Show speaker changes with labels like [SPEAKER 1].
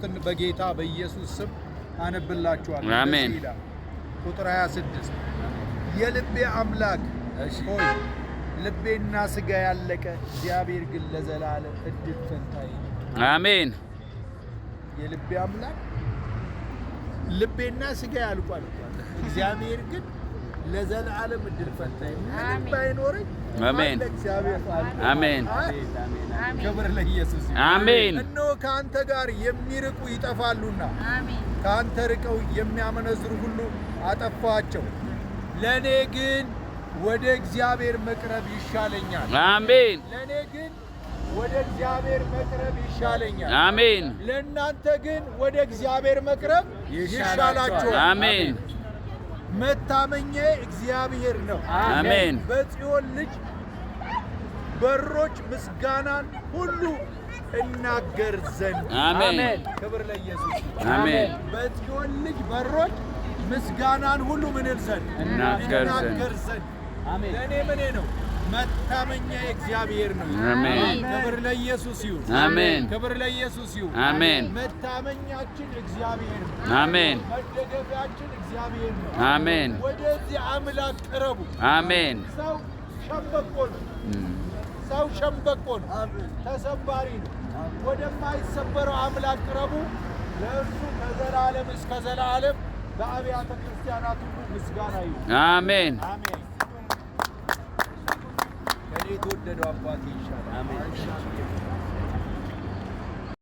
[SPEAKER 1] ግን በጌታ በኢየሱስ ስም አነብላችኋለሁ። አሜን። ቁጥር 26 የልቤ አምላክ ሆይ ልቤና ስጋ ያለቀ እግዚአብሔር ግን ለዘላለም እድል ፈንታዬ
[SPEAKER 2] ነው። አሜን።
[SPEAKER 1] የልቤ አምላክ ልቤና ስጋ ያልቋል፣ እግዚአብሔር ግን ለዘላለም
[SPEAKER 3] እድል ፈታኝ ምንም
[SPEAKER 1] ባይኖረኝ አሜን። አሜን።
[SPEAKER 3] ክብር ለኢየሱስ።
[SPEAKER 2] አሜን። እነሆ
[SPEAKER 1] ከአንተ ጋር የሚርቁ ይጠፋሉና ከአንተ ርቀው የሚያመነዝሩ ሁሉ አጠፋቸው። ለእኔ ግን ወደ እግዚአብሔር መቅረብ
[SPEAKER 2] ይሻለኛል።
[SPEAKER 1] አሜን። ለእኔ ግን ወደ እግዚአብሔር መቅረብ
[SPEAKER 2] ይሻለኛል።
[SPEAKER 1] አሜን። ለእናንተ ግን ወደ እግዚአብሔር መቅረብ ይሻላችኋል። አሜን። መታመኛ እግዚአብሔር ነው። አሜን። በጽዮን ልጅ በሮች ምስጋናን ሁሉ እናገር
[SPEAKER 2] ዘንድ አሜን።
[SPEAKER 1] ክብር ለኢየሱስ። አሜን። በጽዮን ልጅ በሮች ምስጋናን ሁሉ
[SPEAKER 2] ምንል ዘንድ እናገር
[SPEAKER 1] ዘንድ። አሜን። ለእኔ ምኔ ነው መታመኛ
[SPEAKER 2] እግዚአብሔር ነው።
[SPEAKER 1] አሜን። ክብር
[SPEAKER 2] ለኢየሱስ ይሁን።
[SPEAKER 1] አሜን። ክብር ለኢየሱስ
[SPEAKER 2] ይሁን። አሜን።
[SPEAKER 1] መታመኛችን እግዚአብሔር
[SPEAKER 2] ነው። አሜን።
[SPEAKER 1] መደገፊያችን
[SPEAKER 2] እግዚአብሔር ነው። አሜን።
[SPEAKER 1] ወደዚህ አምላክ ቅረቡ።
[SPEAKER 2] አሜን። ሰው
[SPEAKER 1] ሸምበቆ ነው። ሰው ሸምበቆ ነው፣ ተሰባሪ ነው። ወደማይሰበረው አምላክ ቅረቡ። ለእርሱ ከዘላለም እስከ ዘላለም በአብያተ ክርስቲያናት ሁሉ
[SPEAKER 2] ምስጋና ይሁን።
[SPEAKER 1] አሜን። የተወደደው አባቴ
[SPEAKER 2] ይሻላል።